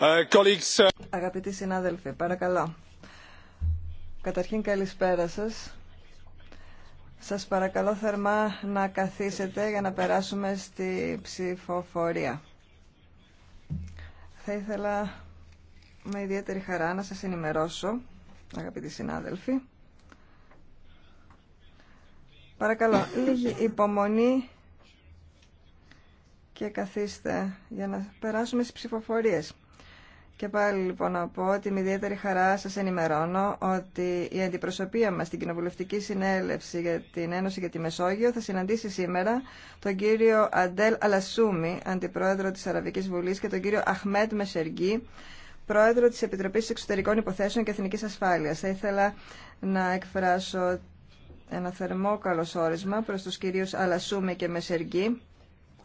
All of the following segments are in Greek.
Ε, ε, αγαπητοί συνάδελφοι, παρακαλώ. Καταρχήν καλησπέρα σας. Σας παρακαλώ θερμά να καθίσετε για να περάσουμε στη ψηφοφορία. Θα ήθελα με ιδιαίτερη χαρά να σας ενημερώσω, αγαπητοί συνάδελφοι. Παρακαλώ, λίγη υπομονή και καθίστε για να περάσουμε στις ψηφοφορίες. Και πάλι λοιπόν να πω ότι με ιδιαίτερη χαρά σας ενημερώνω ότι η αντιπροσωπεία μας στην Κοινοβουλευτική Συνέλευση για την Ένωση για τη Μεσόγειο θα συναντήσει σήμερα τον κύριο Αντέλ Αλασούμι, αντιπρόεδρο της Αραβικής Βουλής και τον κύριο Αχμέτ Μεσεργή, πρόεδρο της Επιτροπής Εξωτερικών Υποθέσεων και Εθνικής Ασφάλειας. Θα ήθελα να εκφράσω ένα θερμό καλωσόρισμα προς τους κυρίους Αλασούμι και Μεσεργή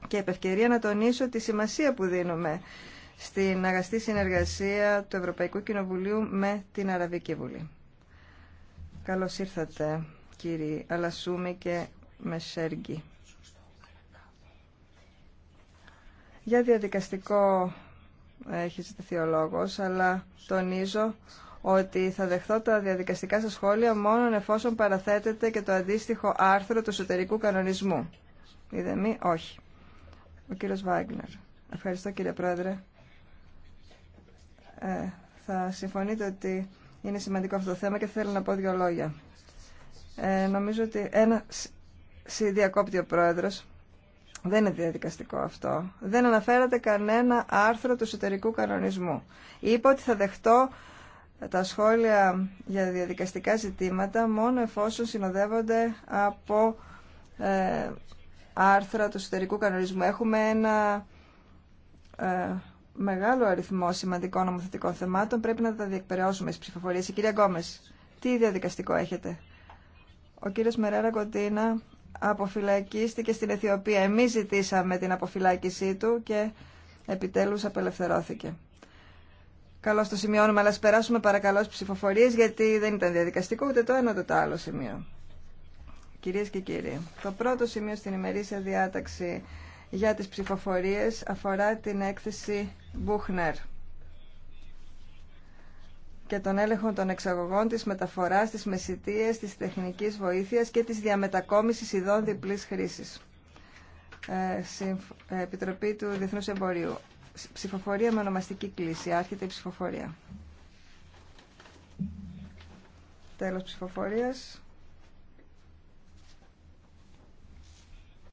και επευκαιρία να τονίσω τη σημασία που δίνουμε στην αγαστή συνεργασία του Ευρωπαϊκού Κοινοβουλίου με την Αραβική Βουλή. Καλώς ήρθατε κύριοι Αλασούμη και Μεσέργη. Για διαδικαστικό ε, έχει ζητηθεί ο λόγος, αλλά τονίζω ότι θα δεχθώ τα διαδικαστικά σας σχόλια μόνο εφόσον παραθέτεται και το αντίστοιχο άρθρο του εσωτερικού κανονισμού. Είδε όχι. Ο κύριος Βάγκνερ. Ευχαριστώ κύριε Πρόεδρε. Ε, θα συμφωνείτε ότι είναι σημαντικό αυτό το θέμα και θέλω να πω δύο λόγια. Ε, νομίζω ότι ένα διακόπτει ο πρόεδρος. Δεν είναι διαδικαστικό αυτό. Δεν αναφέρατε κανένα άρθρο του εσωτερικού κανονισμού. Είπα ότι θα δεχτώ τα σχόλια για διαδικαστικά ζητήματα μόνο εφόσον συνοδεύονται από ε, άρθρα του εσωτερικού κανονισμού. Έχουμε ένα ε, μεγάλο αριθμό σημαντικών νομοθετικών θεμάτων. Πρέπει να τα διεκπαιρεώσουμε στις ψηφοφορίε. Η κυρία Γκόμες, τι διαδικαστικό έχετε. Ο κύριο Μερέρα Κοντίνα αποφυλακίστηκε στην Αιθιοπία. Εμεί ζητήσαμε την αποφυλάκησή του και επιτέλου απελευθερώθηκε. Καλώ το σημειώνουμε, αλλά περάσουμε παρακαλώ στις ψηφοφορίε, γιατί δεν ήταν διαδικαστικό ούτε το ένα ούτε το άλλο σημείο. Κυρίε και κύριοι, το πρώτο σημείο στην ημερήσια διάταξη για τις ψηφοφορίες αφορά την έκθεση Buchner και τον έλεγχο των εξαγωγών της μεταφοράς, της μεσητείας, της τεχνικής βοήθειας και της διαμετακόμισης ειδών διπλής χρήσης. Ε, ε, Επιτροπή του Διεθνούς Εμπορίου. Ψηφοφορία με ονομαστική κλίση. Άρχεται η ψηφοφορία. Τέλος ψηφοφορίας.